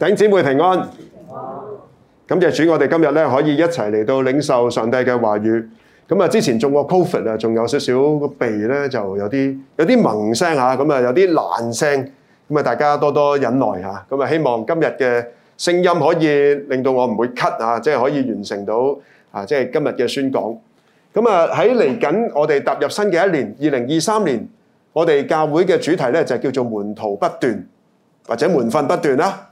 弟兄姊妹平安，感謝主，我哋今日咧可以一齊嚟到領受上帝嘅話語。咁啊，之前中過 COVID 啊，仲有少少個鼻咧就有啲有啲萌聲吓，咁啊有啲爛聲，咁啊大家多多忍耐吓，咁啊希望今日嘅聲音可以令到我唔會咳啊，即係可以完成到啊，即係今日嘅宣講。咁啊喺嚟緊，我哋踏入新嘅一年，二零二三年，我哋教會嘅主題咧就叫做門徒不斷或者門訓不斷啦。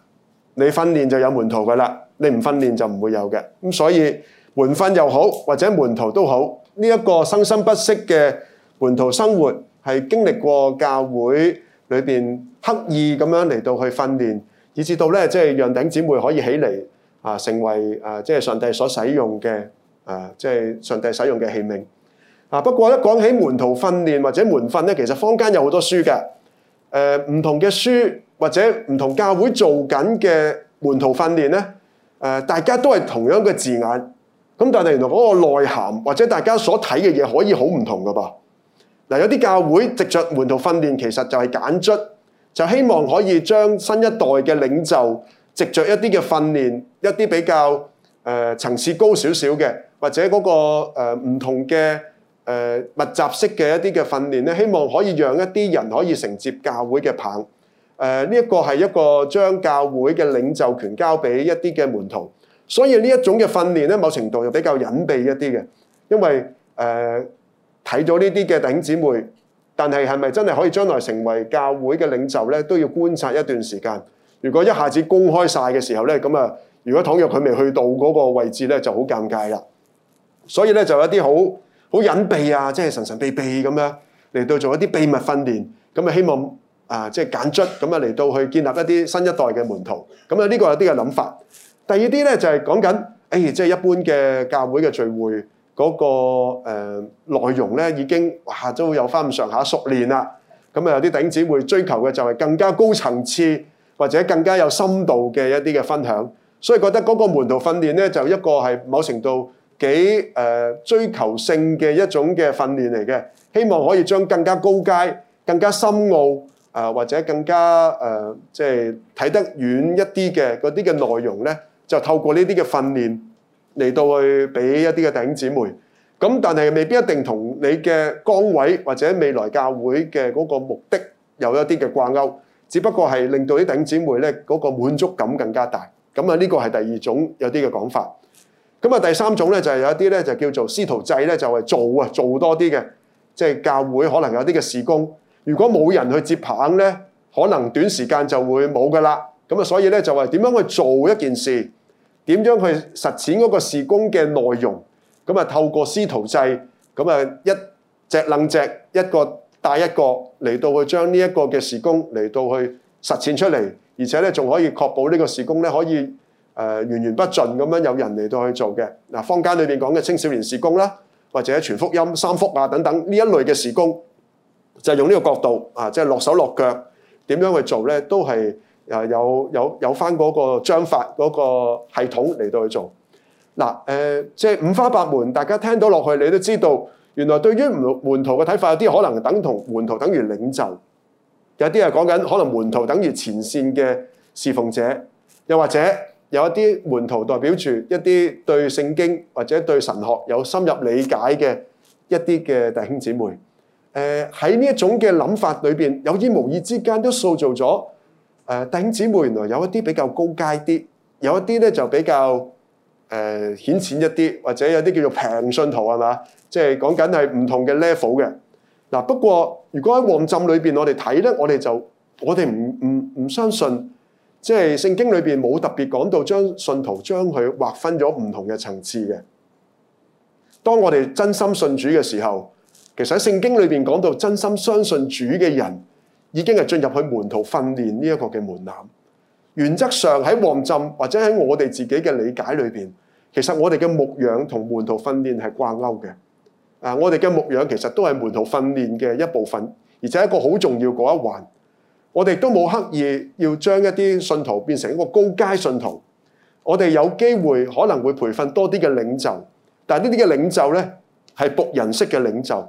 你訓練就有門徒嘅啦，你唔訓練就唔會有嘅。咁所以門訓又好，或者門徒都好，呢一個生生不息嘅門徒生活係經歷過教會裏邊刻意咁樣嚟到去訓練，以致到咧即係讓頂姊妹可以起嚟啊，成為啊即係上帝所使用嘅啊即係上帝使用嘅器皿啊。不過咧講起門徒訓練或者門訓咧，其實坊間有好多書嘅，誒，唔同嘅書。或者唔同教會做緊嘅門徒訓練咧，誒、呃，大家都係同樣嘅字眼，咁但係原來嗰個內涵或者大家所睇嘅嘢可以好唔同噶噃嗱，有啲教會藉着,着門徒訓練，其實就係揀卒，就希望可以將新一代嘅領袖藉着,着一啲嘅訓練，一啲比較誒層、呃、次高少少嘅，或者嗰、那個唔、呃、同嘅誒、呃、密集式嘅一啲嘅訓練咧，希望可以讓一啲人可以承接教會嘅棒。誒，呢一個係一個將教會嘅領袖權交俾一啲嘅門徒，所以呢一種嘅訓練咧，某程度又比較隱蔽一啲嘅，因為誒，睇咗呢啲嘅弟兄姊妹，但係係咪真係可以將來成為教會嘅領袖咧，都要觀察一段時間。如果一下子公開晒嘅時候咧，咁啊，如果倘若佢未去到嗰個位置咧，就好尷尬啦。所以咧就有一啲好好隱蔽啊，即係神神秘秘咁樣嚟到做一啲秘密訓練，咁啊希望。啊，即係揀卒咁啊，嚟到去建立一啲新一代嘅門徒，咁啊呢個有啲嘅諗法。第二啲咧就係講緊，誒即係一般嘅教會嘅聚會嗰、那個誒內、呃、容咧，已經哇都有返咁上下熟練啦。咁啊有啲頂子會追求嘅就係更加高層次或者更加有深度嘅一啲嘅分享，所以覺得嗰個門徒訓練咧就一個係某程度幾誒、呃、追求性嘅一種嘅訓練嚟嘅，希望可以將更加高階、更加深奧。啊，或者更加誒，即係睇得遠一啲嘅嗰啲嘅內容咧，就透過呢啲嘅訓練嚟到去俾一啲嘅弟兄姊妹。咁但係未必一定同你嘅崗位或者未來教會嘅嗰個目的有一啲嘅掛鈎，只不過係令到啲弟兄姊妹咧嗰個滿足感更加大。咁啊，呢個係第二種有啲嘅講法。咁啊，第三種咧就係有啲咧就叫做師徒制咧，就係做啊，做多啲嘅，即係教會可能有啲嘅事工。如果冇人去接棒咧，可能短時間就會冇噶啦。咁啊，所以咧就話點樣去做一件事？點樣去實踐嗰個事工嘅內容？咁啊，透過師徒制，咁啊一隻兩隻一個帶一個嚟到去將呢一個嘅事工嚟到去實踐出嚟，而且咧仲可以確保呢個事工咧可以誒源源不盡咁樣有人嚟到去做嘅。嗱，坊間裏邊講嘅青少年事工啦，或者全福音、三福啊等等呢一類嘅事工。就用呢個角度啊，即係落手落腳點樣去做咧，都係啊有有有翻嗰個章法、嗰個系統嚟到去做。嗱誒、呃，即係五花八門，大家聽到落去你都知道，原來對於門徒嘅睇法，有啲可能等同門徒等於領袖，有啲係講緊可能門徒等於前線嘅侍奉者，又或者有一啲門徒代表住一啲對聖經或者對神學有深入理解嘅一啲嘅弟兄姊妹。誒，喺呢一種嘅諗法裏邊，有意無意之間都塑造咗誒、呃、弟兄姊妹，原來有一啲比較高階啲，有一啲咧就比較誒、呃、顯淺一啲，或者有啲叫做平信徒係嘛，即係講緊係唔同嘅 level 嘅。嗱、啊，不過如果喺旺浸裏邊，我哋睇咧，我哋就我哋唔唔唔相信，即係聖經裏邊冇特別講到將信徒將佢劃分咗唔同嘅層次嘅。當我哋真心信主嘅時候。其實喺聖經裏邊講到，真心相信主嘅人已經係進入去門徒訓練呢一個嘅門檻。原則上喺旺浸或者喺我哋自己嘅理解裏邊，其實我哋嘅牧養同門徒訓練係掛鈎嘅。啊，我哋嘅牧養其實都係門徒訓練嘅一部分，而且係一個好重要嗰一環。我哋都冇刻意要將一啲信徒變成一個高階信徒。我哋有機會可能會培訓多啲嘅領袖，但係呢啲嘅領袖呢，係僕人式嘅領袖。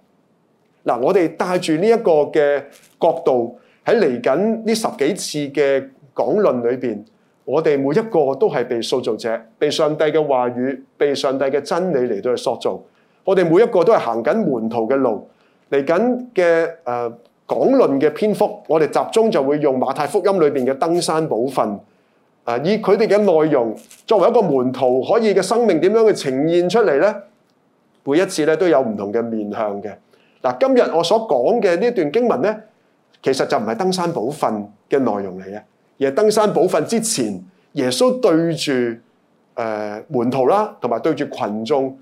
嗱，我哋帶住呢一個嘅角度喺嚟緊呢十幾次嘅講論裏邊，我哋每一個都係被塑造者，被上帝嘅話語、被上帝嘅真理嚟到去塑造。我哋每一個都係行緊門徒嘅路，嚟緊嘅誒講論嘅篇幅，我哋集中就會用馬太福音裏邊嘅登山寶訓，誒、啊、以佢哋嘅內容作為一個門徒可以嘅生命點樣去呈現出嚟呢。每一次咧都有唔同嘅面向嘅。嗱，今日我所講嘅呢段經文咧，其實就唔係登山寶訓嘅內容嚟嘅，而係登山寶訓之前，耶穌對住誒門徒啦，同埋對住羣眾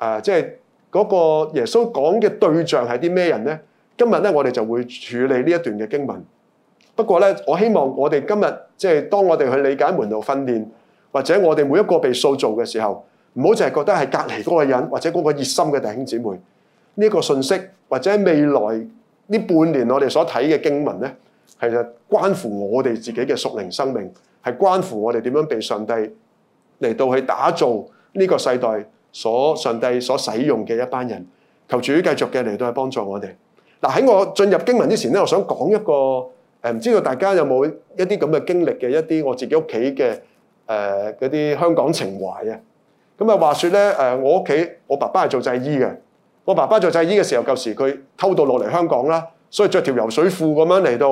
誒，即係嗰個耶穌講嘅對象係啲咩人咧？今日咧，我哋就會處理呢一段嘅經文。不過咧，我希望我哋今日即係當我哋去理解門徒訓練，或者我哋每一個被塑造嘅時候，唔好淨係覺得係隔離嗰個人或者嗰個熱心嘅弟兄姊妹。呢一個信息或者未來呢半年，我哋所睇嘅經文呢，其實關乎我哋自己嘅屬靈生命，係關乎我哋點樣被上帝嚟到去打造呢個世代所上帝所使用嘅一班人。求主繼續嘅嚟到去幫助我哋。嗱，喺我進入經文之前呢，我想講一個誒，唔知道大家有冇一啲咁嘅經歷嘅，一啲我自己屋企嘅誒嗰啲香港情懷啊。咁啊，話說呢，誒，我屋企我爸爸係做製衣嘅。我爸爸做製衣嘅時候，舊時佢偷渡落嚟香港啦，所以着條游水褲咁樣嚟到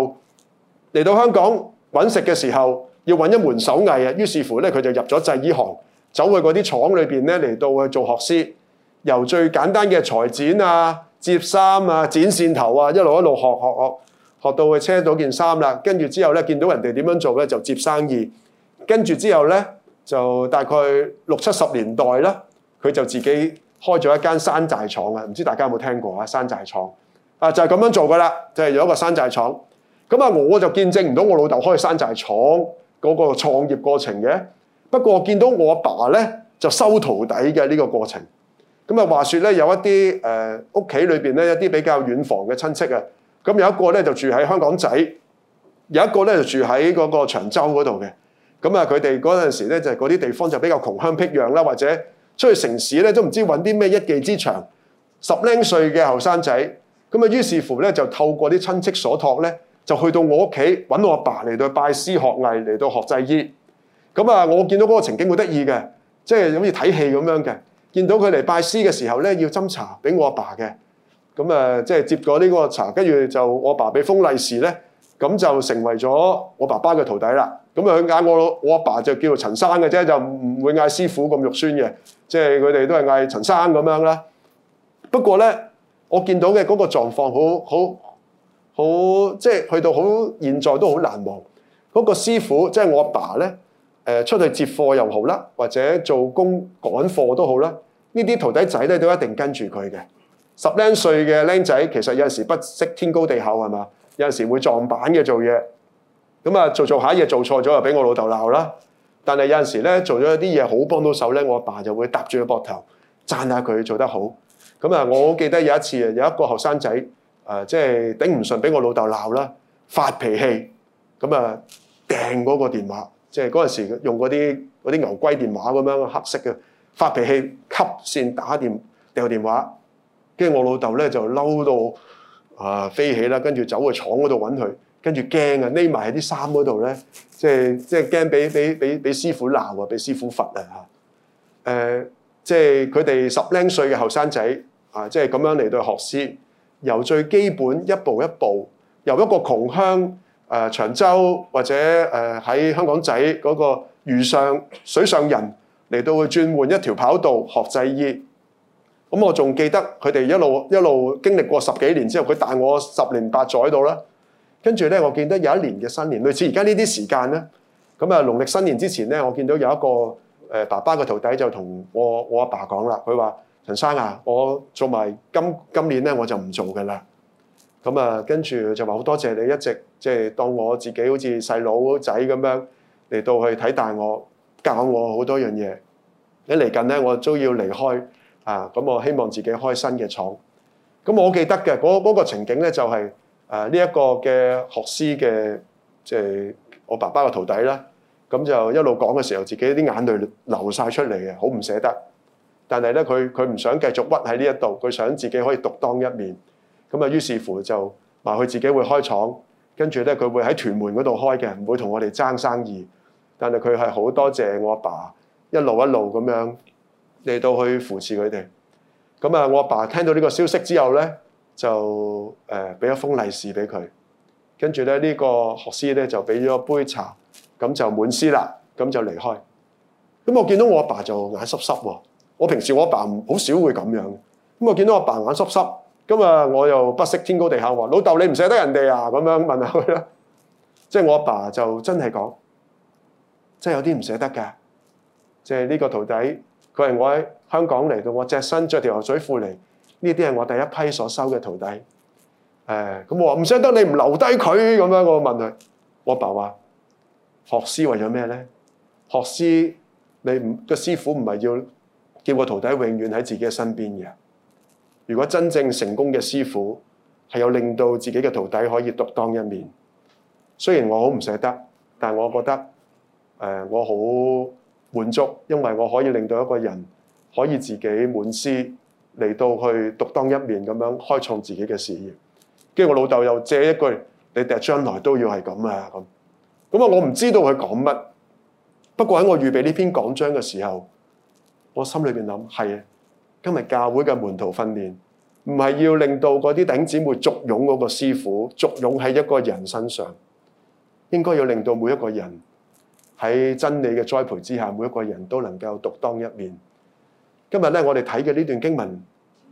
嚟到香港揾食嘅時候，要揾一門手藝啊。於是乎呢，佢就入咗製衣行，走去嗰啲廠裏邊呢，嚟到去做學師，由最簡單嘅裁剪啊、接衫啊、剪線頭啊，一路一路學學學，學，學到佢車到件衫啦。跟住之後呢，見到人哋點樣做呢，就接生意。跟住之後呢，就大概六七十年代啦，佢就自己。開咗一間山寨廠啊！唔知大家有冇聽過啊？山寨廠啊，就係咁樣做噶啦，就係有一個山寨廠。咁啊，我就見證唔到我老豆開山寨廠嗰個創業過程嘅。不過見到我阿爸咧，就收徒弟嘅呢個過程。咁啊，話說咧，有一啲誒屋企裏邊咧一啲比較遠房嘅親戚啊。咁有一個咧就住喺香港仔，有一個咧就住喺嗰個長洲嗰度嘅。咁啊，佢哋嗰陣時咧就係嗰啲地方就比較窮鄉僻壤啦，或者。出去城市咧都唔知揾啲咩一技之長，十零歲嘅後生仔，咁啊於是乎咧就透過啲親戚所託咧，就去到我屋企揾我阿爸嚟到拜師學藝，嚟到學製衣，咁啊我見到嗰個情景好得意嘅，即係好似睇戲咁樣嘅，見到佢嚟拜師嘅時候咧要斟茶俾我阿爸嘅，咁啊即係接過呢個茶，跟住就我阿爸俾封利是咧，咁就成為咗我爸爸嘅徒弟啦。咁啊！佢嗌我，我阿爸就叫做陳生嘅啫，就唔唔會嗌師傅咁肉酸嘅，即係佢哋都係嗌陳生咁樣啦。不過咧，我見到嘅嗰個狀況，好好好，即係去到好現在都好難忘。嗰個師傅即係我阿爸咧，誒，出去接貨又好啦，或者做工趕貨都好啦，呢啲徒弟仔咧都一定跟住佢嘅。十零歲嘅僆仔，其實有陣時不識天高地厚係嘛，有陣時會撞板嘅做嘢。咁啊，做做下嘢做錯咗又俾我老豆鬧啦。但係有陣時咧，做咗啲嘢好幫到手咧，我阿爸，爸就會搭住個膊頭，讚下佢做得好。咁啊，我記得有一次啊，有一個學生仔啊，即、呃、係、就是、頂唔順俾我老豆鬧啦，發脾氣，咁啊掟嗰個電話，即係嗰陣時用嗰啲啲牛龜電話咁樣黑色嘅，發脾氣吸線打電掟電話，跟住我老豆咧就嬲到啊飛起啦，跟住走去廠嗰度揾佢。跟住驚啊！匿埋喺啲衫嗰度咧，即係即係驚俾俾俾俾師傅鬧啊，俾師傅罰啊！誒、呃，即係佢哋十零歲嘅後生仔啊，即係咁樣嚟到學師，由最基本一步一步，由一個窮鄉誒長洲或者誒喺、呃、香港仔嗰個漁上水上人嚟到去轉換一條跑道學製衣。咁、嗯、我仲記得佢哋一路一路經歷過十幾年之後，佢大我十年八載度啦。跟住咧，我見得有一年嘅新年，類似而家呢啲時間咧，咁啊，農曆新年之前咧，我見到有一個誒爸爸嘅徒弟就同我我阿爸講啦，佢話：陳生啊，我做埋今今年咧，我就唔做㗎啦。咁啊，跟住就話好多謝你一直即係當我自己好似細佬仔咁樣嚟到去睇大我，教我好多樣嘢。一嚟近咧，我都要離開啊！咁我希望自己開新嘅廠。咁我記得嘅嗰、嗰個情景咧、就係，就係。誒呢一個嘅學師嘅，即係我爸爸嘅徒弟咧，咁就一路講嘅時候，自己啲眼淚流晒出嚟嘅，好唔捨得。但係咧，佢佢唔想繼續屈喺呢一度，佢想自己可以獨當一面。咁啊，於是乎就話佢自己會開廠，跟住咧佢會喺屯門嗰度開嘅，唔會同我哋爭生意。但係佢係好多謝我阿爸一路一路咁樣嚟到去扶持佢哋。咁啊，我阿爸聽到呢個消息之後咧，就誒俾、呃、一封利是俾佢，跟住咧呢、呢個學師咧就俾咗一杯茶，咁就滿師啦，咁就離開。咁我見到我阿爸,爸就眼濕濕喎，我平時我阿爸唔好少會咁樣，咁我見到我爸眼濕濕，咁啊我又不識天高地厚喎，話老豆你唔捨得人哋啊咁樣問下佢啦。即係我阿爸,爸就真係講，真係有啲唔捨得嘅，即係呢個徒弟，佢係我喺香港嚟到，我隻身着條牛仔褲嚟。呢啲係我第一批所收嘅徒弟，誒、哎、咁我話唔捨得你唔留低佢咁樣，我問佢，我爸話學師為咗咩咧？學師你個師傅唔係要叫個徒弟永遠喺自己嘅身邊嘅。如果真正成功嘅師傅係有令到自己嘅徒弟可以獨當一面。雖然我好唔捨得，但係我覺得誒、呃、我好滿足，因為我可以令到一個人可以自己滿師。嚟到去獨當一面咁樣開創自己嘅事業，跟住我老豆又借一句，你哋將來都要係咁啊！咁，咁啊，我唔知道佢講乜。不過喺我預備呢篇講章嘅時候，我心裏邊諗係，今日教會嘅門徒訓練，唔係要令到嗰啲弟兄姊妹簇擁嗰個師傅，簇擁喺一個人身上，應該要令到每一個人喺真理嘅栽培之下，每一個人都能夠獨當一面。今日咧，我哋睇嘅呢段經文，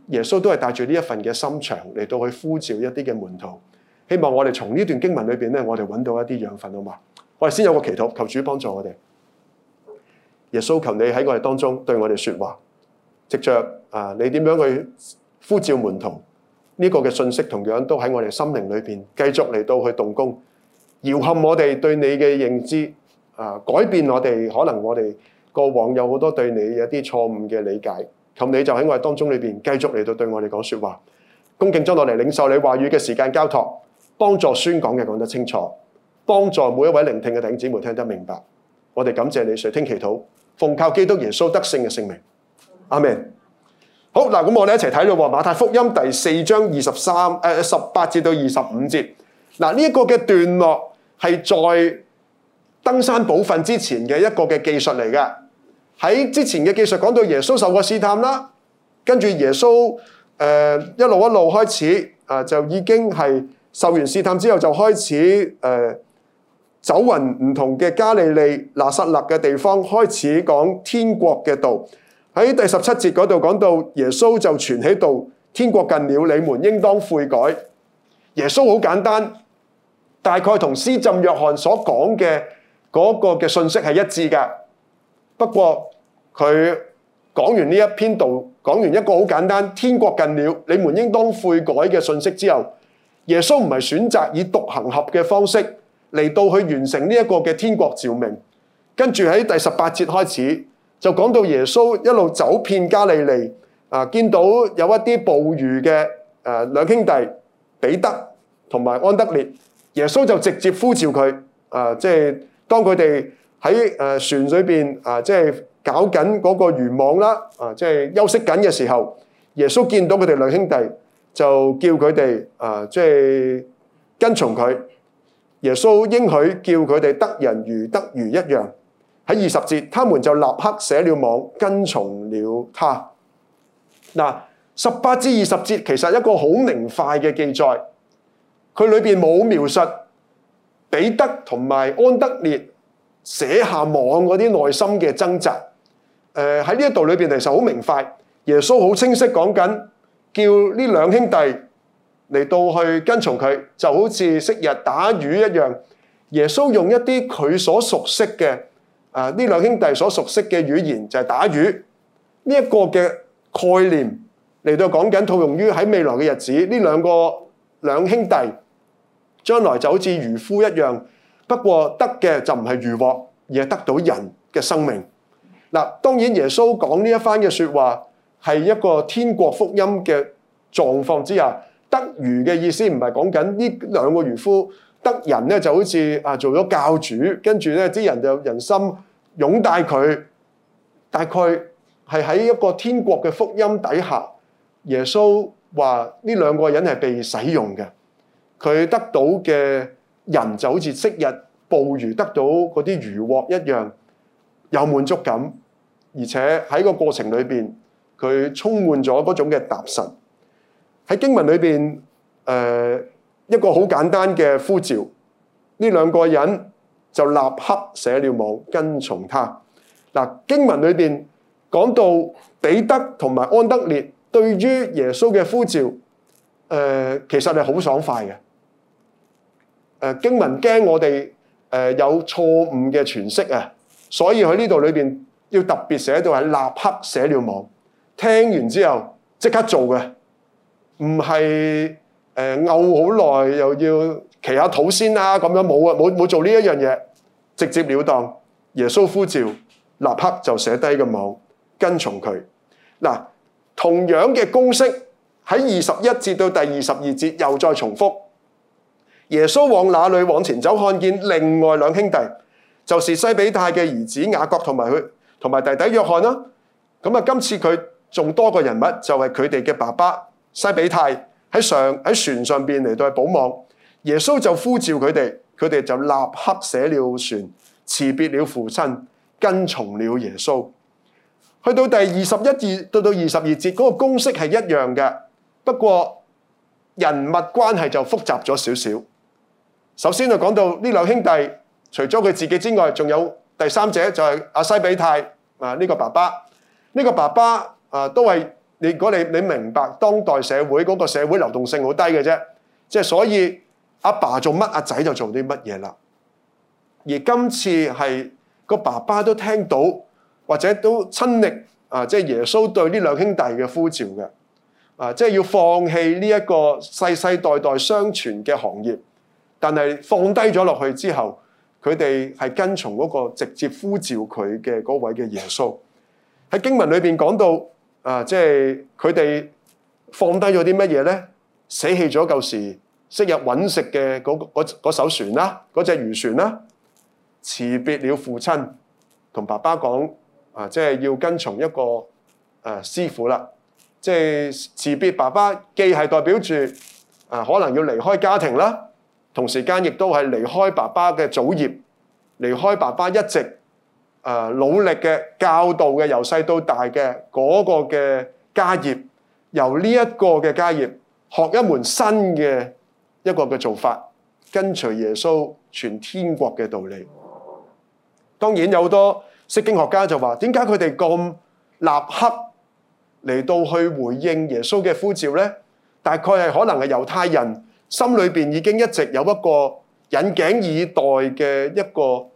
耶穌都係帶住呢一份嘅心腸嚟到去呼召一啲嘅門徒，希望我哋從呢段經文裏邊咧，我哋揾到一啲養分啊嘛！我哋先有個祈禱，求主幫助我哋。耶穌，求你喺我哋當中對我哋說話，藉着啊你點樣去呼召門徒呢個嘅信息，同樣都喺我哋心靈裏邊繼續嚟到去動工，搖撼我哋對你嘅認知啊，改變我哋，可能我哋。過往有好多對你有啲錯誤嘅理解，咁你就喺我哋當中裏邊繼續嚟到對我哋講說話，恭敬將落嚟領受你話語嘅時間交託，幫助宣講嘅講得清楚，幫助每一位聆聽嘅弟兄姊妹聽得明白。我哋感謝你，垂聽祈禱，奉靠基督耶穌得勝嘅聖名，阿門。好，嗱咁我哋一齊睇到《馬太福音》第四章二十三誒十八節到二十五節，嗱呢一個嘅段落係在。登山寶訓之前嘅一個嘅技術嚟嘅，喺之前嘅技術講到耶穌受過試探啦，跟住耶穌誒、呃、一路一路開始啊、呃、就已經係受完試探之後就開始誒、呃、走勻唔同嘅加利利拿撒勒嘅地方，開始講天國嘅道。喺第十七節嗰度講到耶穌就傳喺度，天國近了，你們應當悔改。耶穌好簡單，大概同施浸約翰所講嘅。嗰個嘅信息係一致嘅，不過佢講完呢一篇道，講完一個好簡單，天國近了，你們應當悔改嘅信息之後，耶穌唔係選擇以獨行俠嘅方式嚟到去完成呢一個嘅天國召命，跟住喺第十八節開始就講到耶穌一路走遍加利利啊，見到有一啲捕魚嘅誒、兩兄弟彼得同埋安德烈，耶穌就直接呼召佢啊，即係。當佢哋喺誒船裏邊啊，即係搞緊嗰個漁網啦，啊，即係休息緊嘅時候，耶穌見到佢哋兩兄弟，就叫佢哋啊，即係跟從佢。耶穌應許叫佢哋得人如得魚一樣。喺二十節，他們就立刻捨了網，跟從了他。嗱、啊，十八至二十節其實一個好明快嘅記載，佢裏邊冇描述。彼得同埋安德烈寫下網嗰啲內心嘅掙扎，誒喺呢一度裏邊其實好明快，耶穌好清晰講緊，叫呢兩兄弟嚟到去跟從佢，就好似昔日打魚一樣。耶穌用一啲佢所熟悉嘅，啊呢兩兄弟所熟悉嘅語言，就係打魚呢一個嘅概念嚟到講緊套用於喺未來嘅日子，呢兩個兩兄弟。將來就好似漁夫一樣，不過得嘅就唔係漁獲，而係得到人嘅生命。嗱，當然耶穌講呢一番嘅說話，係一個天國福音嘅狀況之下，得魚嘅意思唔係講緊呢兩個漁夫得人咧，就好似啊做咗教主，跟住咧啲人就人心擁戴佢。大概係喺一個天國嘅福音底下，耶穌話呢兩個人係被使用嘅。佢得到嘅人就好似昔日捕魚得到嗰啲漁獲一樣，有滿足感，而且喺個過程裏邊，佢充滿咗嗰種嘅踏實。喺經文裏邊，誒一個好簡單嘅呼召，呢兩個人就立刻捨了網跟從他。嗱，經文裏邊講到彼得同埋安德烈對於耶穌嘅呼召，誒其實係好爽快嘅。誒經文驚我哋誒有錯誤嘅詮釋啊！所以喺呢度裏邊要特別寫到係立刻寫了網。聽完之後即刻做嘅，唔係誒嘔好耐又要祈下肚先啦咁樣冇啊冇冇做呢一樣嘢，直接了當。耶穌呼召，立刻就寫低個網，跟從佢。嗱，同樣嘅公式喺二十一節到第二十二節又再重複。耶穌往那裏往前走，看見另外兩兄弟，就是西比泰嘅兒子雅各同埋佢同埋弟弟約翰啦。咁啊，今次佢仲多個人物，就係佢哋嘅爸爸西比泰喺上喺船上邊嚟到去補網。耶穌就呼召佢哋，佢哋就立刻捨了船，辭別了父親，跟從了耶穌。去到第二十一節到到二十二節，嗰、那個公式係一樣嘅，不過人物關係就複雜咗少少。首先就講到呢兩兄弟，除咗佢自己之外，仲有第三者就係阿西庇太啊，呢個爸爸，呢個爸爸啊，都係你如果你你明白當代社會嗰個社會流動性好低嘅啫，即係所以阿爸做乜阿仔就做啲乜嘢啦。而今次係個爸爸都聽到或者都親歷啊，即係耶穌對呢兩兄弟嘅呼召嘅啊，即係要放棄呢一個世世代代相傳嘅行業。但係放低咗落去之後，佢哋係跟從嗰個直接呼召佢嘅嗰位嘅耶穌。喺經文裏邊講到，啊，即係佢哋放低咗啲乜嘢咧？捨棄咗舊時昔日搵食嘅嗰艘船啦，嗰隻漁船啦，辭別了父親同爸爸講，啊，即係要跟從一個誒、啊、師傅啦，即係辭別爸爸，既係代表住啊，可能要離開家庭啦。同時間亦都係離開爸爸嘅祖業，離開爸爸一直誒努力嘅教導嘅，由細到大嘅嗰個嘅家業，由呢一個嘅家業學一門新嘅一個嘅做法，跟隨耶穌傳天國嘅道理。當然有好多釋經學家就話：點解佢哋咁立刻嚟到去回應耶穌嘅呼召呢？大概係可能係猶太人。心裏邊已經一直有一個引頸以待嘅一個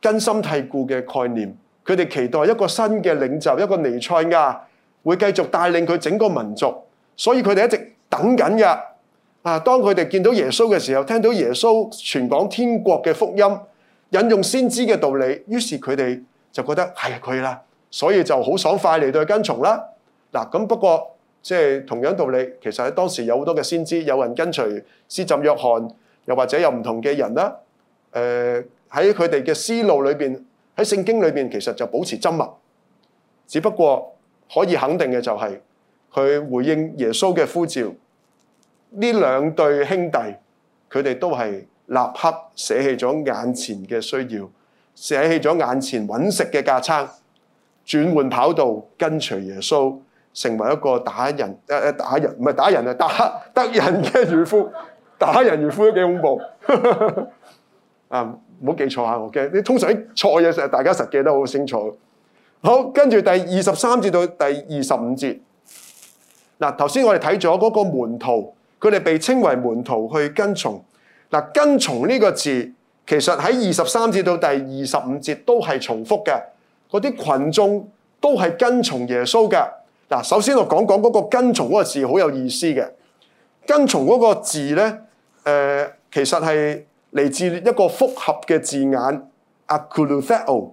根深蒂固嘅概念，佢哋期待一個新嘅領袖，一個彌賽亞會繼續帶領佢整個民族，所以佢哋一直等緊嘅。啊，當佢哋見到耶穌嘅時候，聽到耶穌傳講天國嘅福音，引用先知嘅道理，於是佢哋就覺得係佢啦，所以就好爽快嚟到去跟從啦。嗱，啊，咁不過。即係同樣道理，其實喺當時有好多嘅先知，有人跟隨施浸約翰，又或者有唔同嘅人啦。誒喺佢哋嘅思路裏邊，喺聖經裏邊其實就保持緘默。只不過可以肯定嘅就係、是、佢回應耶穌嘅呼召。呢兩對兄弟，佢哋都係立刻捨棄咗眼前嘅需要，捨棄咗眼前揾食嘅架撐，轉換跑道跟隨耶穌。成為一個打人，誒、呃、誒打人，唔係打人啊，打得人嘅漁夫，打人漁夫都幾恐怖啊！唔 好、嗯、記錯下我驚，你通常喺錯嘢上，大家實記得好清楚。好，跟住第二十三節到第二十五節，嗱頭先我哋睇咗嗰個門徒，佢哋被稱為門徒去跟從。嗱，跟從呢個字其實喺二十三節到第二十五節都係重複嘅，嗰啲群眾都係跟從耶穌嘅。嗱，首先我講講嗰個跟從嗰個字好有意思嘅。跟從嗰個字咧，誒、呃、其實係嚟自一個複合嘅字眼 aculufeto。誒呢、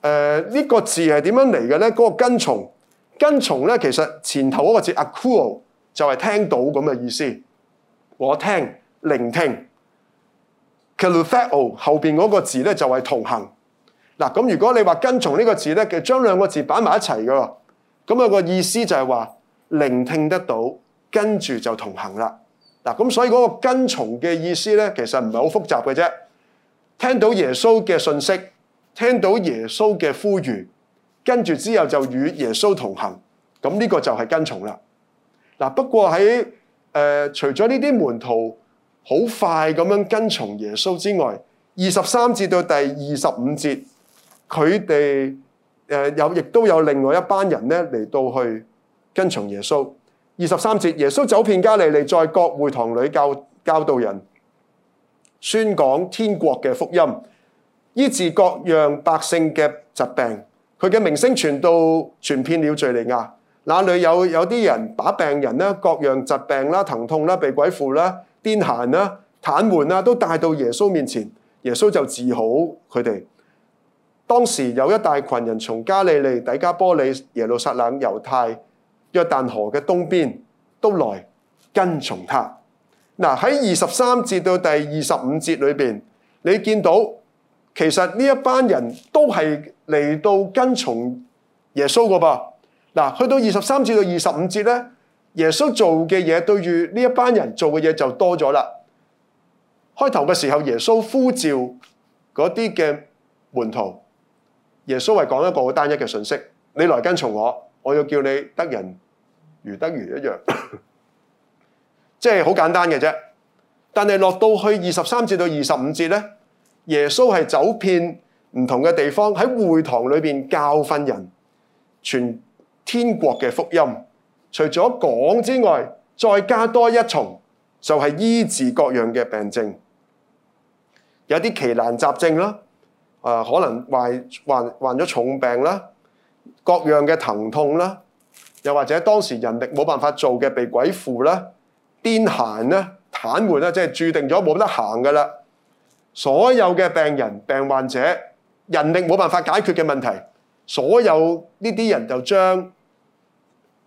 呃這個字係點樣嚟嘅咧？嗰、那個跟從跟從咧，其實前頭嗰個字 aculo 就係、是、聽到咁嘅意思，我聽聆聽。calufeo 後邊嗰個字咧就係、是、同行。嗱、呃、咁如果你話跟從呢個字咧，其實將兩個字擺埋一齊嘅。咁啊，個意思就係話聆聽得到，跟住就同行啦。嗱，咁所以嗰個跟從嘅意思咧，其實唔係好複雜嘅啫。聽到耶穌嘅信息，聽到耶穌嘅呼籲，跟住之後就與耶穌同行。咁呢個就係跟從啦。嗱，不過喺誒、呃、除咗呢啲門徒好快咁樣跟從耶穌之外，二十三節到第二十五節，佢哋。誒，有亦都有另外一班人咧，嚟到去跟從耶穌。二十三節，耶穌走遍加利利，在各會堂裏教教導人，宣講天國嘅福音，醫治各樣百姓嘅疾病，佢嘅名聲傳到傳遍了敘利亞，那裏有有啲人把病人呢、各樣疾病啦、疼痛啦、被鬼附啦、癲癇啦、癱瘓啦，都帶到耶穌面前，耶穌就治好佢哋。當時有一大群人從加利利、底加波利、耶路撒冷、猶太、約旦河嘅東邊都來跟從他。嗱喺二十三節到第二十五節裏邊，你見到其實呢一班人都係嚟到跟從耶穌噶噃。嗱，去到二十三節到二十五節咧，耶穌做嘅嘢對於呢一班人做嘅嘢就多咗啦。開頭嘅時候，耶穌呼召嗰啲嘅門徒。耶穌係講一個好單一嘅訊息，你來跟從我，我要叫你得人如得魚一樣， 即係好簡單嘅啫。但係落到去二十三節到二十五節咧，耶穌係走遍唔同嘅地方，喺會堂裏邊教訓人，傳天國嘅福音。除咗講之外，再加多一重就係、是、醫治各樣嘅病症，有啲奇難雜症啦。啊，可能患患患咗重病啦，各樣嘅疼痛啦，又或者當時人力冇辦法做嘅被鬼附啦、癲癇啦、癱瘓啦，即係注定咗冇得行噶啦。所有嘅病人、病患者，人力冇辦法解決嘅問題，所有呢啲人就將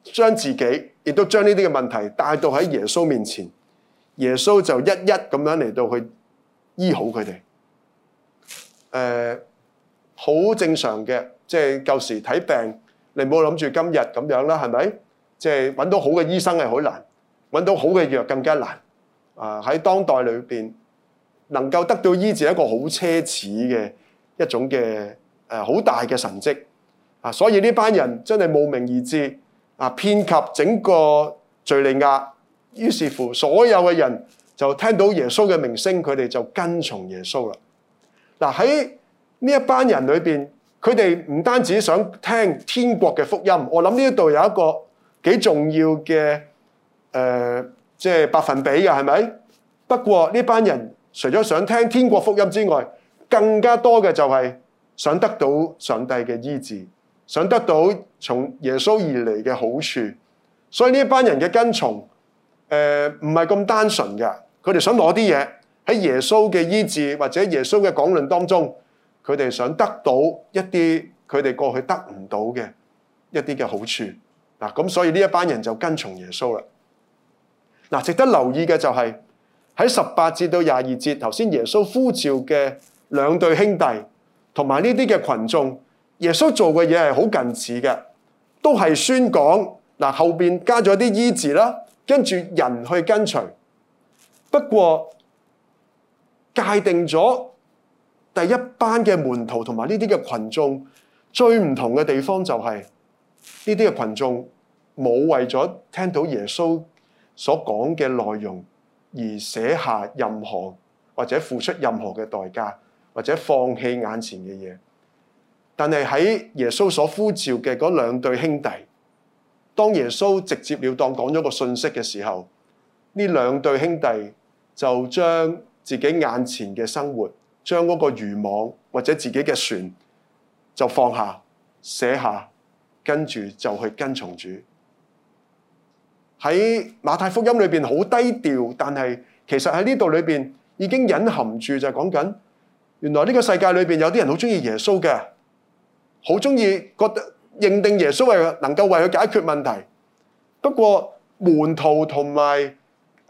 將自己，亦都將呢啲嘅問題帶到喺耶穌面前，耶穌就一一咁樣嚟到去醫好佢哋。誒好、呃、正常嘅，即係舊時睇病，你唔好諗住今日咁樣啦，係咪？即係揾到好嘅醫生係好難，揾到好嘅藥更加難。啊、呃，喺當代裏邊能夠得到醫治係一個好奢侈嘅一種嘅誒好大嘅神蹟啊！所以呢班人真係慕名而至啊，遍及整個敍利亞。於是乎，所有嘅人就聽到耶穌嘅名聲，佢哋就跟從耶穌啦。嗱，喺呢一班人裏邊，佢哋唔單止想聽天國嘅福音，我諗呢一度有一個幾重要嘅誒，即係百分比嘅係咪？不過呢班人除咗想聽天國福音之外，更加多嘅就係想得到上帝嘅醫治，想得到從耶穌而嚟嘅好處。所以呢一班人嘅跟從誒唔係咁單純嘅，佢哋想攞啲嘢。喺耶穌嘅醫治或者耶穌嘅講論當中，佢哋想得到一啲佢哋過去得唔到嘅一啲嘅好處。嗱，咁所以呢一班人就跟從耶穌啦。嗱，值得留意嘅就係喺十八節到廿二節，頭先耶穌呼召嘅兩對兄弟同埋呢啲嘅群眾，耶穌做嘅嘢係好近似嘅，都係宣講。嗱，後邊加咗啲醫治啦，跟住人去跟隨。不過，界定咗第一班嘅門徒同埋呢啲嘅群眾最唔同嘅地方，就係呢啲嘅群眾冇為咗聽到耶穌所講嘅內容而寫下任何或者付出任何嘅代價或者放棄眼前嘅嘢，但係喺耶穌所呼召嘅嗰兩對兄弟，當耶穌直接了當講咗個信息嘅時候，呢兩對兄弟就將。自己眼前嘅生活，將嗰個漁網或者自己嘅船就放下、捨下，跟住就去跟從主。喺馬太福音裏邊好低調，但係其實喺呢度裏邊已經隱含住就係講緊，原來呢個世界裏邊有啲人好中意耶穌嘅，好中意覺得認定耶穌為能夠為佢解決問題。不過門徒同埋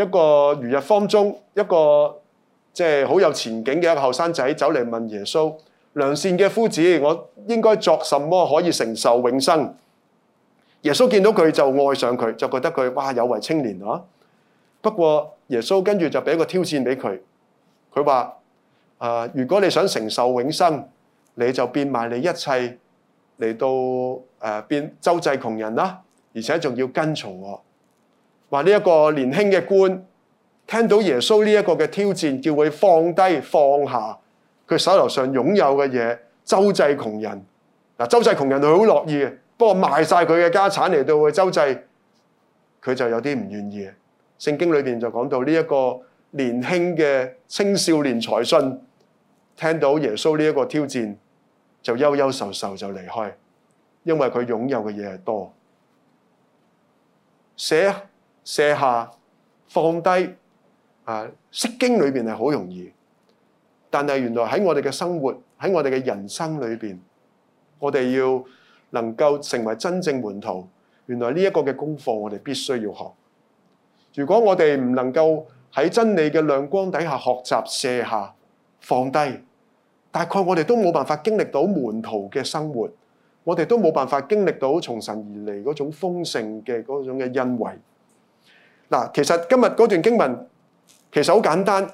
一個如日方中，一個即係好有前景嘅一個後生仔走嚟問耶穌：良善嘅夫子，我應該作什麼可以承受永生？耶穌見到佢就愛上佢，就覺得佢哇有為青年啊！不過耶穌跟住就俾個挑戰俾佢，佢話：誒、呃，如果你想承受永生，你就變賣你一切嚟到誒、呃、變周濟窮人啦、啊，而且仲要跟從我。話呢一個年輕嘅官聽到耶穌呢一個嘅挑戰，叫佢放低放下佢手頭上擁有嘅嘢，周濟窮人嗱，周濟窮人佢好樂意不過賣晒佢嘅家產嚟到佢周濟，佢就有啲唔願意嘅。聖經裏邊就講到呢一個年輕嘅青少年才俊，聽到耶穌呢一個挑戰就憂憂愁愁就離開，因為佢擁有嘅嘢係多，寫。卸下放低啊，釋經裏邊係好容易，但係原來喺我哋嘅生活，喺我哋嘅人生裏邊，我哋要能夠成為真正門徒。原來呢一個嘅功課，我哋必須要學。如果我哋唔能夠喺真理嘅亮光底下學習卸下放低，大概我哋都冇辦法經歷到門徒嘅生活，我哋都冇辦法經歷到從神而嚟嗰種豐盛嘅嗰種嘅恩惠。嗱，其實今日嗰段經文其實好簡單，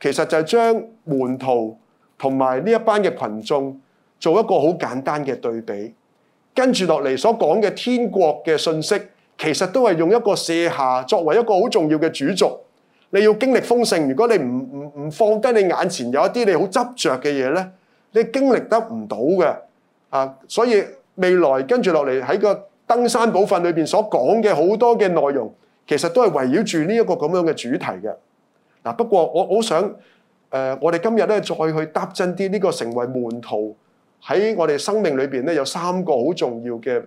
其實就係將門徒同埋呢一班嘅羣眾做一個好簡單嘅對比，跟住落嚟所講嘅天國嘅信息，其實都係用一個卸下作為一個好重要嘅主軸。你要經歷豐盛，如果你唔唔唔放低你眼前有一啲你好執著嘅嘢咧，你經歷得唔到嘅啊！所以未來跟住落嚟喺個登山寶訓裏邊所講嘅好多嘅內容，其實都係圍繞住呢一個咁樣嘅主題嘅。嗱、啊，不過我好想誒、呃，我哋今日咧再去踏真啲呢、這個成為門徒喺我哋生命裏邊咧有三個好重要嘅誒、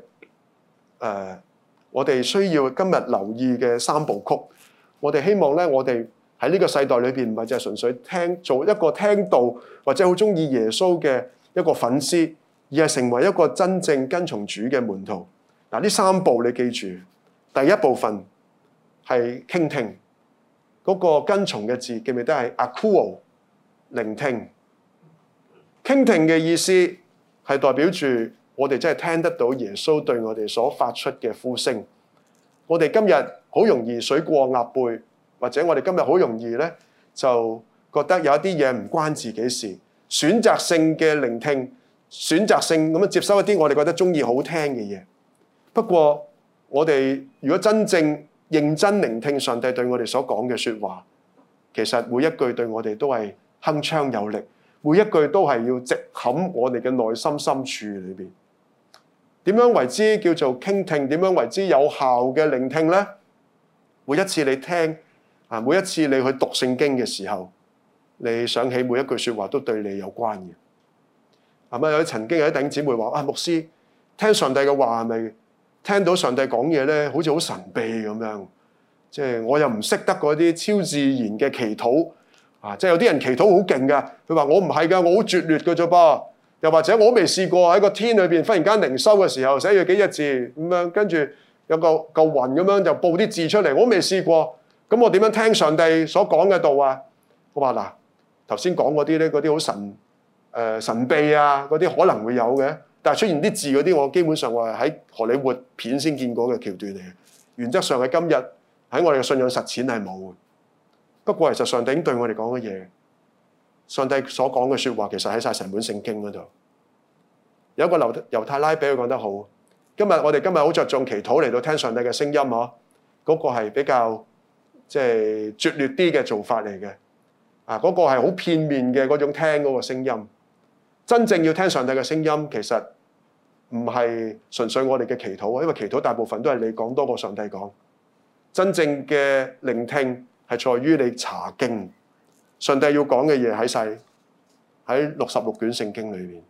呃，我哋需要今日留意嘅三部曲。我哋希望咧，我哋喺呢個世代裏邊唔係淨係純粹聽做一個聽道，或者好中意耶穌嘅一個粉絲，而係成為一個真正跟從主嘅門徒。嗱、啊，呢三部你記住，第一部分。係傾聽嗰、那個跟從嘅字，記唔記得係 akouo 聆聽？傾聽嘅意思係代表住我哋真係聽得到耶穌對我哋所發出嘅呼聲。我哋今日好容易水過鴨背，或者我哋今日好容易咧就覺得有一啲嘢唔關自己事，選擇性嘅聆聽，選擇性咁樣接收一啲我哋覺得中意好聽嘅嘢。不過我哋如果真正認真聆聽上帝對我哋所講嘅說話，其實每一句對我哋都係鏗鏘有力，每一句都係要直冚我哋嘅內心深處裏邊。點樣為之叫做傾聽？點樣為之有效嘅聆聽呢？每一次你聽啊，每一次你去讀聖經嘅時候，你想起每一句說話都對你有關嘅，係咪？有曾經有一啲姐妹話啊，牧師聽上帝嘅話係咪？聽到上帝講嘢咧，好似好神秘咁樣，即係我又唔識得嗰啲超自然嘅祈禱啊！即係有啲人祈禱好勁㗎，佢話我唔係㗎，我好絕裂㗎啫噃。又或者我未試過喺個天裏邊忽然間靈修嘅時候寫咗幾隻字咁樣，跟住有個嚿雲咁樣就報啲字出嚟，我未試過。咁我點樣聽上帝所講嘅道啊？好嘛，嗱頭先講嗰啲咧，嗰啲好神誒、呃、神秘啊，嗰啲可能會有嘅。但係出現啲字嗰啲，我基本上我係喺荷里活片先見過嘅橋段嚟嘅。原則上係今日喺我哋嘅信仰實踐係冇。不過其實上帝對我哋講嘅嘢，上帝所講嘅說話其實喺晒成本聖經嗰度。有個流猶太拉比佢講得好，今日我哋今日好着重祈禱嚟到聽上帝嘅聲音呵。嗰個係比較即係拙劣啲嘅做法嚟嘅。啊，嗰個係好片面嘅嗰種聽嗰個聲音。真正要聽上帝嘅聲音，其實唔係純粹我哋嘅祈禱，因為祈禱大部分都係你講多過上帝講。真正嘅聆聽係在於你查經，上帝要講嘅嘢喺晒喺六十六卷聖經裏面。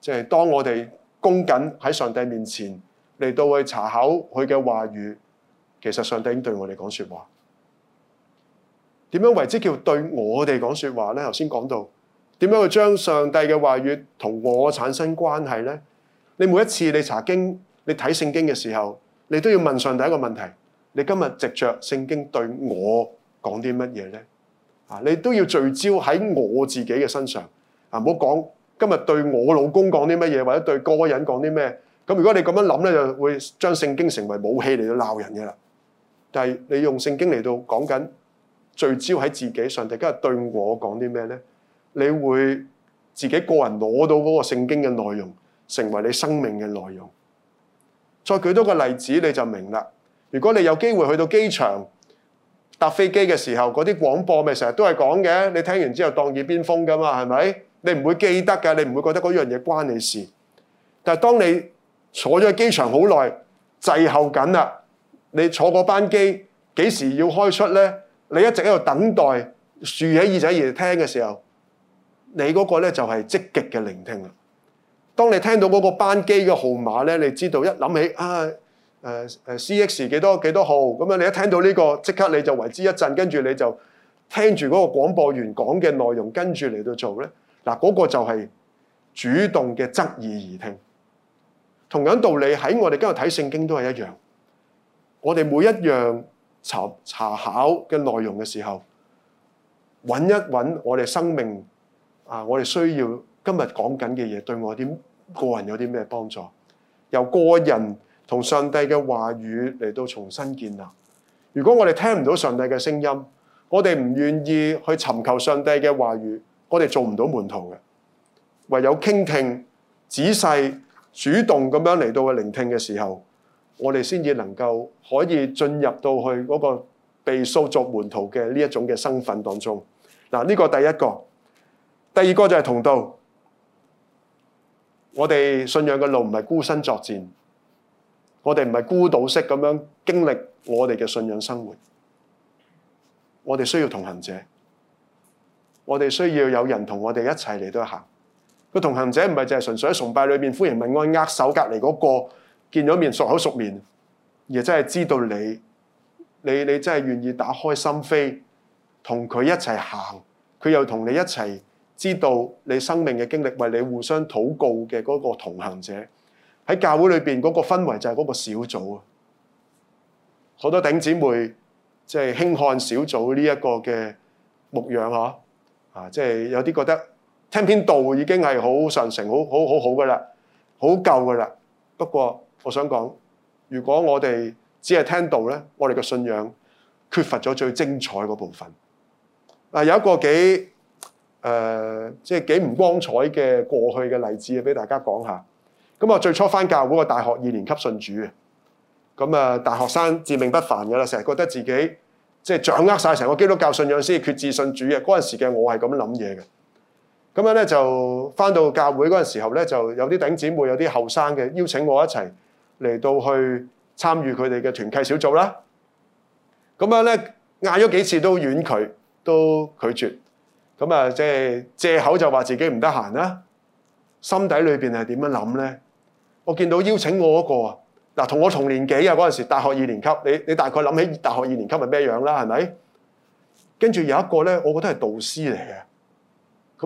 即係當我哋供緊喺上帝面前嚟到去查考佢嘅話語，其實上帝已經對我哋講說話。點樣為之叫對我哋講說話呢？頭先講到。點樣去將上帝嘅話語同我產生關係呢？你每一次你查經、你睇聖經嘅時候，你都要問上帝一個問題：你今日藉着聖經對我講啲乜嘢呢？啊，你都要聚焦喺我自己嘅身上啊！唔好講今日對我老公講啲乜嘢，或者對個人講啲咩？咁如果你咁樣諗呢，就會將聖經成為武器嚟到鬧人嘅啦。但係你用聖經嚟到講緊聚焦喺自己，上帝今日對我講啲咩呢？你會自己個人攞到嗰個聖經嘅內容，成為你生命嘅內容。再舉多個例子，你就明啦。如果你有機會去到機場搭飛機嘅時候，嗰啲廣播咪成日都係講嘅，你聽完之後當耳邊風噶嘛，係咪？你唔會記得㗎，你唔會覺得嗰樣嘢關你事。但係當你坐咗喺機場好耐，滯候緊啦，你坐個班機幾時要開出呢？你一直喺度等待，豎起耳仔嚟聽嘅時候。你嗰個咧就係積極嘅聆聽啦。當你聽到嗰個班機嘅號碼咧，你知道一諗起啊誒誒、呃、CX 幾多幾多號咁樣，你一聽到呢、這個即刻你就為之一震，跟住你就聽住嗰個廣播員講嘅內容，跟住嚟到做咧。嗱、那、嗰個就係主動嘅側耳而聽。同樣道理喺我哋今日睇聖經都係一樣。我哋每一樣查查考嘅內容嘅時候，揾一揾我哋生命。啊！我哋需要今日講緊嘅嘢，對我啲個人有啲咩幫助？由個人同上帝嘅話語嚟到重新建立。如果我哋聽唔到上帝嘅聲音，我哋唔願意去尋求上帝嘅話語，我哋做唔到門徒嘅。唯有傾聽、仔細、主動咁樣嚟到去聆聽嘅時候，我哋先至能夠可以進入到去嗰個被塑造門徒嘅呢一種嘅身份當中。嗱、啊，呢、這個第一個。第二個就係同道，我哋信仰嘅路唔係孤身作戰，我哋唔係孤島式咁樣經歷我哋嘅信仰生活，我哋需要同行者，我哋需要有人同我哋一齊嚟到行。個同行者唔係淨係純粹喺崇拜裏面歡迎問安、握手、隔籬嗰個見咗面熟口熟面，而係真係知道你，你你真係願意打開心扉，同佢一齊行，佢又同你一齊。知道你生命嘅經歷，為你互相禱告嘅嗰個同行者，喺教會裏邊嗰個氛圍就係嗰個小組啊。好多頂姊妹，即係興漢小組呢一個嘅牧養呵，啊，即係有啲覺得聽篇道已經係好上乘，好好好好噶啦，好夠噶啦。不過我想講，如果我哋只係聽道咧，我哋嘅信仰缺乏咗最精彩嗰部分。啊，有一個幾。誒、呃，即係幾唔光彩嘅過去嘅例子啊，俾大家講下。咁啊，最初返教會，我大學二年級信主嘅。咁啊，大學生自命不凡嘅啦，成日覺得自己即係掌握晒成個基督教信仰先決志信主嘅。嗰陣時嘅我係咁樣諗嘢嘅。咁樣咧就返到教會嗰陣時候咧，就有啲頂姊妹，有啲後生嘅邀請我一齊嚟到去參與佢哋嘅團契小組啦。咁樣咧嗌咗幾次都婉拒，都拒絕。咁啊，即係借口就話自己唔得閒啦。心底裏邊係點樣諗咧？我見到邀請我嗰個啊，嗱，同我同年紀啊，嗰陣時，大學二年級。你你大概諗起大學二年級係咩樣啦？係咪？跟住有一個咧，我覺得係導師嚟嘅。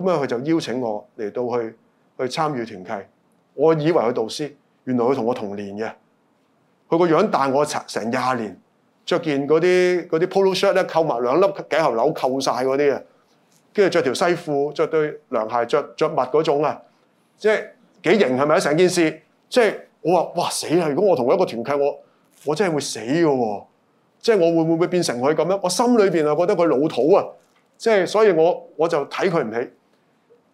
咁啊，佢就邀請我嚟到去去參與團契。我以為佢導師，原來佢同我同年嘅。佢個樣大我成廿年，着件嗰啲嗰啲 polo shirt 咧，扣埋兩粒頸喉紐扣晒嗰啲啊！跟住着條西褲，着對涼鞋，着著襪嗰種啊，即係幾型係咪？成件事，即係我話：哇，死啦！如果我同佢一個團契，我我真係會死嘅喎！即係我會唔會變成佢咁樣？我心裏邊啊覺得佢老土啊！即係所以我，我就我就睇佢唔起。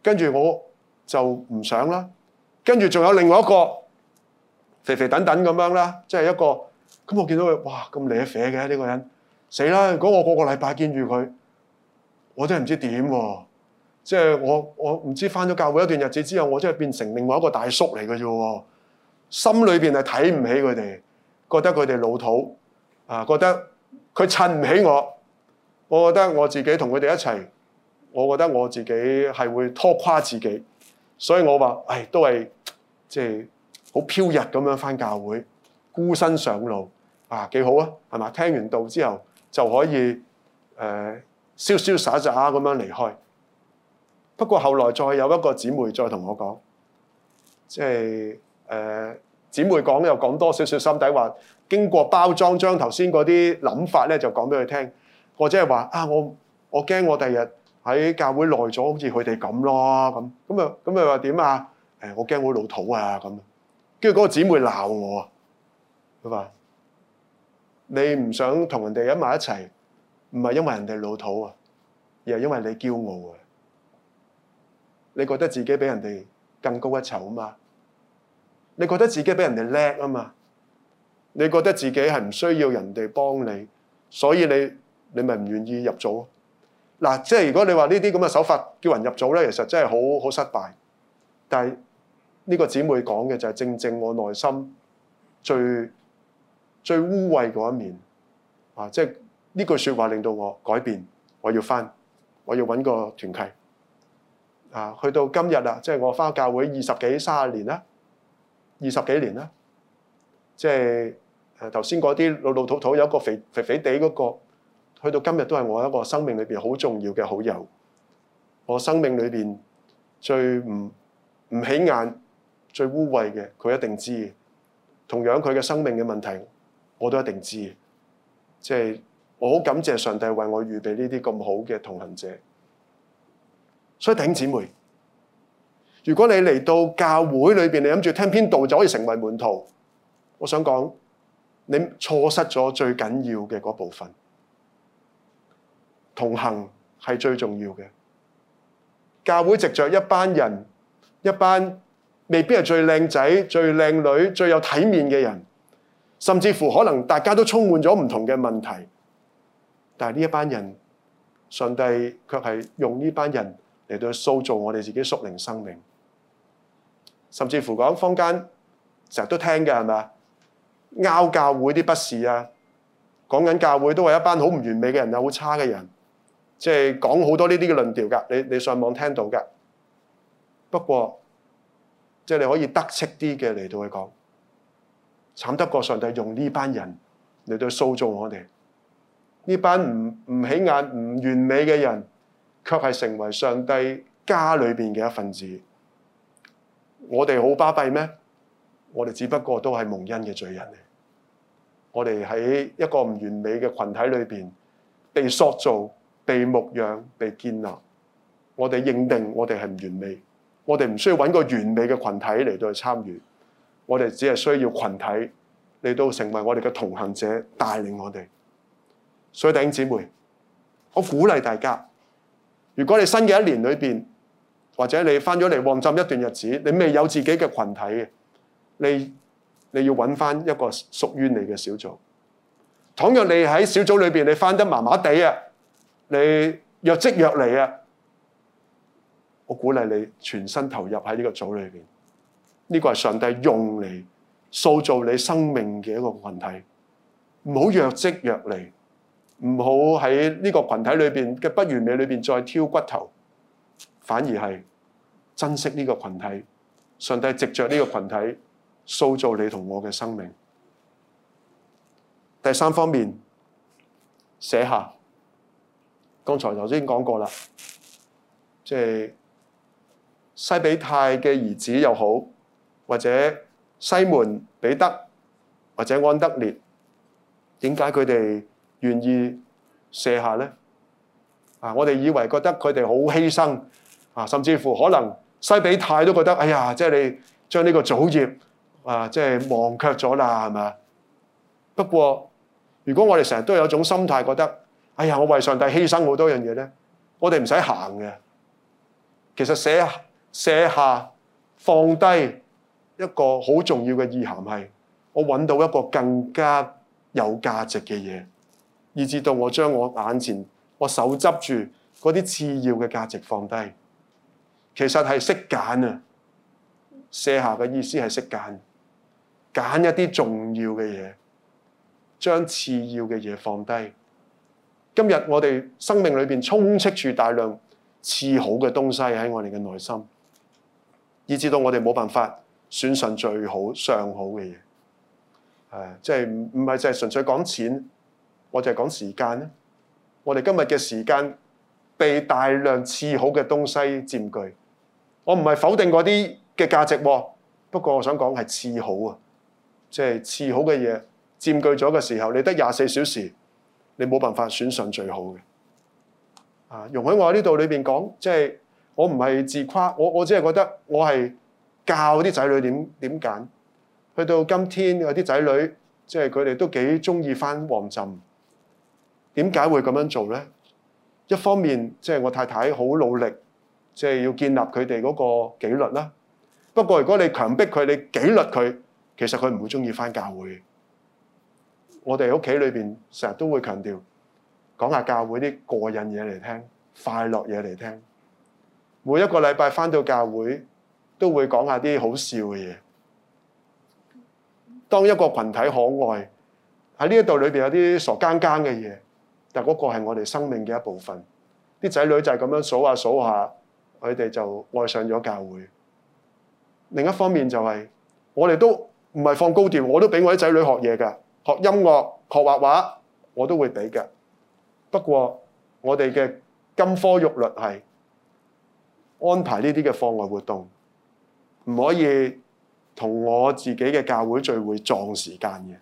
跟住我就唔想啦。跟住仲有另外一個肥肥等等咁樣啦，即係一個。咁我見到佢哇咁瀨瀨嘅呢個人死啦！如果我個個禮拜見住佢。我真係唔知點喎、啊，即係我我唔知返咗教會一段日子之後，我真係變成另外一個大叔嚟嘅啫喎。心裏邊係睇唔起佢哋，覺得佢哋老土啊，覺得佢襯唔起我。我覺得我自己同佢哋一齊，我覺得我自己係會拖垮自己。所以我話唉、哎，都係即係好飄逸咁樣返教會，孤身上路啊，幾好啊，係嘛？聽完道之後就可以誒。呃瀟瀟灑灑咁樣離開，不過後來再有一個姊妹再同我講，即係誒，呃、姊妹講又講多少少心底話，經過包裝將頭先嗰啲諗法咧就講俾佢聽，或者係話啊，我我驚我第日喺教會耐咗，好似佢哋咁咯，咁咁啊咁咪話點啊？誒、欸，我驚我老土啊，咁，跟住嗰個姊妹鬧我，佢話你唔想同人哋喺埋一齊？唔係因為人哋老土啊，而係因為你驕傲啊！你覺得自己比人哋更高一籌啊嘛，你覺得自己比人哋叻啊嘛，你覺得自己係唔需要人哋幫你，所以你你咪唔願意入組。嗱，即係如果你話呢啲咁嘅手法叫人入組咧，其實真係好好失敗。但係呢個姊妹講嘅就係正正我內心最最污穢嗰一面啊！即係。呢句説話令到我改變，我要返，我要揾個團契。啊，去到今日啊，即係我返教會二十幾三十年啦，二十幾年啦，即係頭先嗰啲老老土土，有一個肥肥肥地嗰個，去到今日都係我一個生命裏邊好重要嘅好友。我生命裏邊最唔唔起眼、最污穢嘅，佢一定知。同樣佢嘅生命嘅問題，我都一定知。即係。我好感謝上帝為我預備呢啲咁好嘅同行者，所以弟兄姊妹，如果你嚟到教會裏邊，你諗住聽篇道就可以成為門徒，我想講，你錯失咗最緊要嘅嗰部分，同行係最重要嘅。教會藉着一班人，一班未必係最靚仔、最靚女、最有體面嘅人，甚至乎可能大家都充滿咗唔同嘅問題。但係呢一班人，上帝卻係用呢班人嚟到去塑造我哋自己屬靈生命，甚至乎講坊間成日都聽嘅係咪？拗教會啲不是啊，講緊教會都係一班好唔完美嘅人啊，好差嘅人，即係講好多呢啲嘅論調噶，你你上網聽到噶，不過即係你可以得戚啲嘅嚟到去講，慘得過上帝用呢班人嚟到塑造我哋。呢班唔唔起眼、唔完美嘅人，卻係成為上帝家裏邊嘅一份子。我哋好巴閉咩？我哋只不過都係蒙恩嘅罪人嚟。我哋喺一個唔完美嘅群體裏邊，被塑造、被牧養、被建立。我哋認定我哋係唔完美，我哋唔需要揾個完美嘅群體嚟到去參與。我哋只係需要群體嚟到成為我哋嘅同行者，帶領我哋。所以弟兄姊妹，我鼓勵大家，如果你新嘅一年裏邊，或者你翻咗嚟旺浸一段日子，你未有自己嘅群體嘅，你你要揾翻一個屬於你嘅小組。倘若你喺小組裏邊你翻得麻麻地啊，你若即若離啊，我鼓勵你全身投入喺呢個組裏邊。呢個係上帝用嚟塑造你生命嘅一個群體，唔好若即若離。唔好喺呢個群體裏邊嘅不完美裏邊再挑骨頭，反而係珍惜呢個群體。上帝藉着呢個群體塑造你同我嘅生命。第三方面，寫下。剛才頭先講過啦，即係西庇太嘅兒子又好，或者西門彼得，或者安德烈，點解佢哋？願意卸下咧啊！我哋以為覺得佢哋好犧牲啊，甚至乎可能西庇太都覺得：哎呀，即係你將呢個祖業啊，即係忘卻咗啦，係咪啊？不過，如果我哋成日都有一種心態，覺得：哎呀，我為上帝犧牲好多樣嘢咧，我哋唔使行嘅。其實卸卸下放低一個好重要嘅意涵係：我揾到一個更加有價值嘅嘢。以至到我將我眼前我手執住嗰啲次要嘅價值放低，其實係識揀啊！卸下嘅意思係識揀，揀一啲重要嘅嘢，將次要嘅嘢放低。今日我哋生命裏邊充斥住大量次好嘅東西喺我哋嘅內心，以至到我哋冇辦法選上最好上好嘅嘢。誒、啊，即係唔唔係淨係純粹講錢。我就係講時間咧，我哋今日嘅時間被大量次好嘅東西佔據。我唔係否定嗰啲嘅價值喎，不過我想講係次好啊，即係次好嘅嘢佔據咗嘅時候，你得廿四小時，你冇辦法選上最好嘅。啊，容許我喺呢度裏邊講，即係我唔係自誇，我我只係覺得我係教啲仔女點點揀。去到今天有啲仔女，即係佢哋都幾中意返旺浸。點解會咁樣做呢？一方面即係我太太好努力，即係要建立佢哋嗰個紀律啦。不過如果你強迫佢，你紀律佢，其實佢唔會中意翻教會。我哋屋企裏邊成日都會強調，講下教會啲過癮嘢嚟聽，快樂嘢嚟聽。每一個禮拜翻到教會，都會講下啲好笑嘅嘢。當一個群體可愛，喺呢一度裏邊有啲傻更更嘅嘢。但嗰個係我哋生命嘅一部分，啲仔女就係咁樣數下數下，佢哋就愛上咗教會。另一方面就係、是，我哋都唔係放高調，我都俾我啲仔女學嘢噶學音樂、學畫畫，我都會俾嘅。不過我哋嘅金科玉律係安排呢啲嘅課外活動，唔可以同我自己嘅教會聚會撞時間嘅。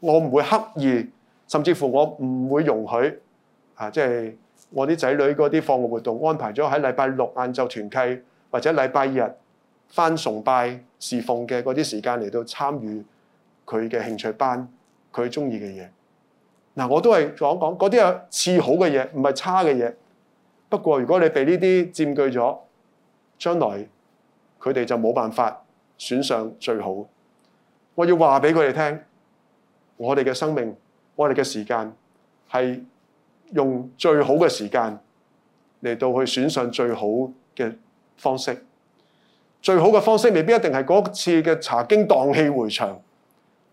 我唔會刻意。甚至乎我唔會容許，啊，即係我啲仔女嗰啲課外活動安排咗喺禮拜六晏晝團契，或者禮拜日返崇拜侍奉嘅嗰啲時間嚟到參與佢嘅興趣班，佢中意嘅嘢。嗱，啊，我都係講講嗰啲係，次好嘅嘢，唔係差嘅嘢。不過如果你被呢啲佔據咗，將來佢哋就冇辦法選上最好。我要話俾佢哋聽，我哋嘅生命。我哋嘅時間係用最好嘅時間嚟到去選上最好嘅方式，最好嘅方式未必一定係嗰次嘅茶經蕩氣回腸，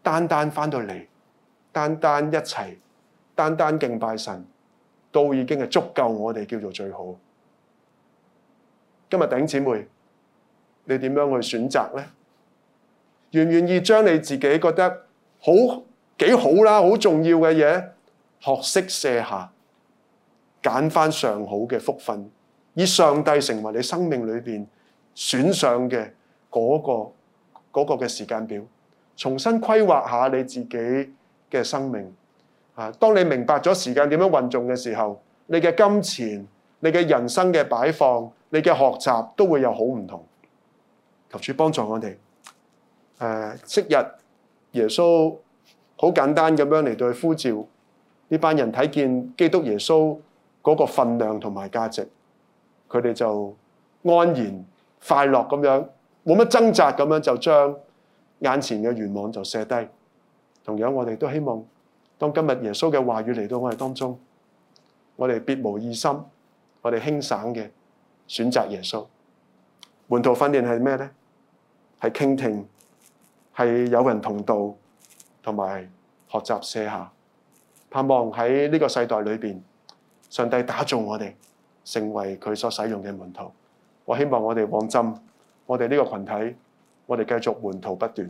單單返到嚟，單單一齊，單單敬拜神，都已經係足夠我哋叫做最好。今日頂姐妹，你點樣去選擇呢？願唔願意將你自己覺得好？幾好啦，好重要嘅嘢，學識卸下，揀翻上好嘅福分，以上帝成為你生命裏邊選上嘅嗰個嗰個嘅時間表，重新規劃下你自己嘅生命。啊，當你明白咗時間點樣運用嘅時候，你嘅金錢、你嘅人生嘅擺放、你嘅學習都會有好唔同。求主幫助我哋。誒、啊，昔日耶穌。好簡單咁樣嚟到去呼召呢班人睇見基督耶穌嗰個份量同埋價值，佢哋就安然快樂咁樣，冇乜掙扎咁樣就將眼前嘅願望就卸低。同樣我哋都希望當今日耶穌嘅話語嚟到我哋當中，我哋別無異心，我哋輕省嘅選擇耶穌。門徒訓練係咩咧？係傾聽，係有人同道。同埋學習卸下，盼望喺呢個世代裏邊，上帝打造我哋成為佢所使用嘅門徒。我希望我哋旺浸，我哋呢個群體，我哋繼續門徒不斷。